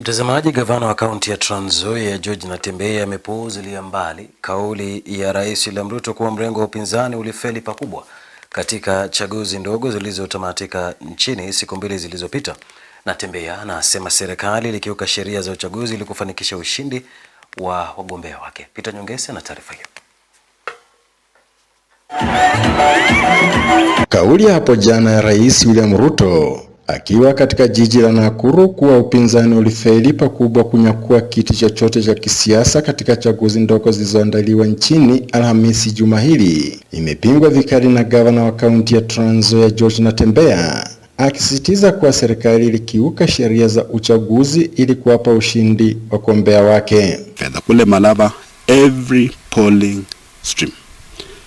Mtazamaji, gavana wa kaunti ya Trans Nzoia George Natembeya amepuuzilia mbali kauli ya Rais William Ruto kuwa mrengo wa upinzani ulifeli pakubwa katika chaguzi ndogo zilizotamatika nchini siku mbili zilizopita. Natembeya anasema serikali ilikiuka sheria za uchaguzi ili kufanikisha ushindi wa wagombea wake. Peter Nyongese na taarifa hiyo. Kauli ya hapo jana ya Rais William Ruto Akiwa katika jiji la Nakuru kuwa upinzani ulifeli pakubwa kunyakua kiti chochote cha kisiasa katika chaguzi ndogo zilizoandaliwa nchini Alhamisi juma hili, imepingwa vikali na gavana wa kaunti ya Trans Nzoia George Natembeya akisisitiza kuwa serikali ilikiuka sheria za uchaguzi ili kuwapa ushindi wagombea wake. Kule Malava, every polling stream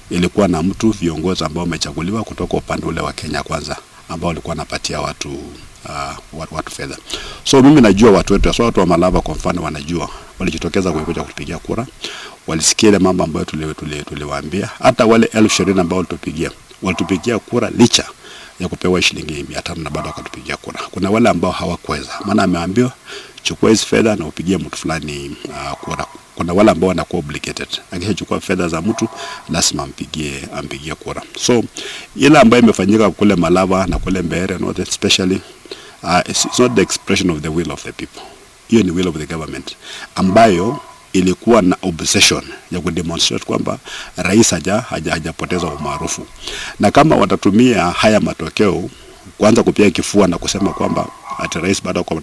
ilikuwa na mtu viongozi ambao wamechaguliwa kutoka upande ule wa Kenya Kwanza ambao walikuwa wanapatia watu, uh, watu, watu fedha. So mimi najua watu wetu, so watu wa Malava kwa mfano wanajua, walijitokeza kuja kutupigia kura, walisikia ile mambo ambayo tuliwaambia. Hata wale elfu ishirini ambao walitupigia walitupigia kura licha ya kupewa shilingi mia tano na bado akatupigia kura. Kuna wale ambao hawakuweza, maana ameambiwa chukua hizi fedha na upigie mtu fulani uh, kura. Kuna wale ambao wanakuwa obligated, akishachukua fedha za mtu lazima ampigie ampigie kura. So ile ambayo imefanyika kule Malava na kule Mbeere not especially uh, it's, it's not the expression of the will of the people. Hiyo ni will of the government ambayo ilikuwa na obsession ya kudemonstrate kwamba rais haja, haja, hajapoteza umaarufu, na kama watatumia haya matokeo kuanza kupia kifua na kusema kwamba ati rais bado kwa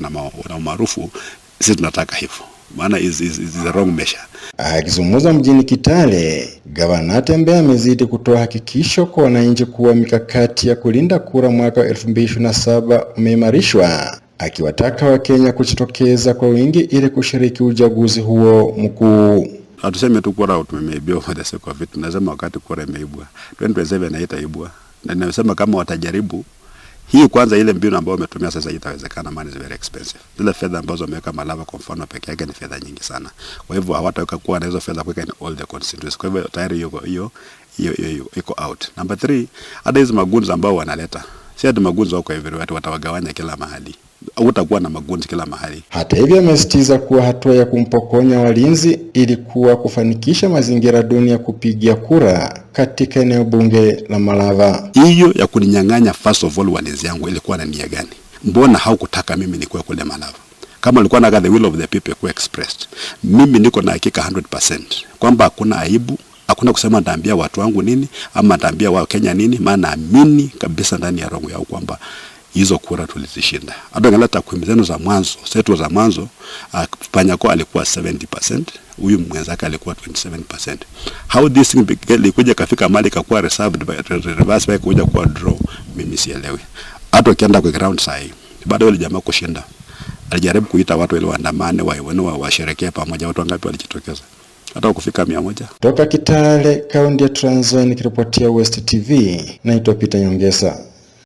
na umaarufu, sisi tunataka hivyo maana is, is, is a wrong measure. Akizungumza mjini Kitale, Gavana Tembe amezidi kutoa hakikisho kwa wananchi kuwa mikakati ya kulinda kura mwaka 2027 umeimarishwa akiwataka Wakenya kujitokeza kwa wingi ili kushiriki uchaguzi huo mkuu. Hatuseme tu kura tumeibiwa for the sake of it, tunasema wakati kura imeibwa 2027 haitaibwa, na ninasema kama watajaribu hii kwanza, ile mbinu ambayo umetumia sasa itawezekana, money is very expensive. Zile fedha ambazo wameweka Malava kwa mfano peke yake ni fedha nyingi sana, kwa hivyo hawataweka kuwa na hizo fedha kuweka in all the constituencies. Kwa hivyo tayari hiyo hiyo hiyo iko out. Number 3, hata hizo magunzi ambao wanaleta si hata magunzi wako everywhere, watawagawanya kila mahali hautakuwa na magonjwa kila mahali. Hata hivyo, amesitiza kuwa hatua ya kumpokonya walinzi ilikuwa kufanikisha mazingira duni ya kupigia kura katika eneo bunge la Malava. Hiyo ya kuninyang'anya first of all walinzi yangu ilikuwa na nia gani? Mbona haukutaka mimi nikuwe kule Malava? Kama ulikuwa na the will of the people ku expressed, mimi niko na hakika 100% kwamba hakuna aibu hakuna kusema ndaambia watu wangu nini ama ndaambia wao Kenya nini, maana naamini kabisa ndani ya roho yao kwamba hizo kura tulizishinda. Hata ngala takwimu zenu za mwanzo setu za mwanzo uh, Panyako alikuwa 70%, huyu mwenzake alikuwa 27%. How this thing ilikuja kafika mali kakuwa reserved by reverse by kuja kwa draw, mimi sielewi. Hata ukienda kwa ground sai, hivi bado wale jamaa kushinda, alijaribu kuita watu ile waandamane wenu wa washerekea pamoja, watu wangapi walijitokeza hata kufika mia moja. Toka Kitale, kaunti ya Trans Nzoia, nikiripotia West TV, naitwa Peter Nyongesa.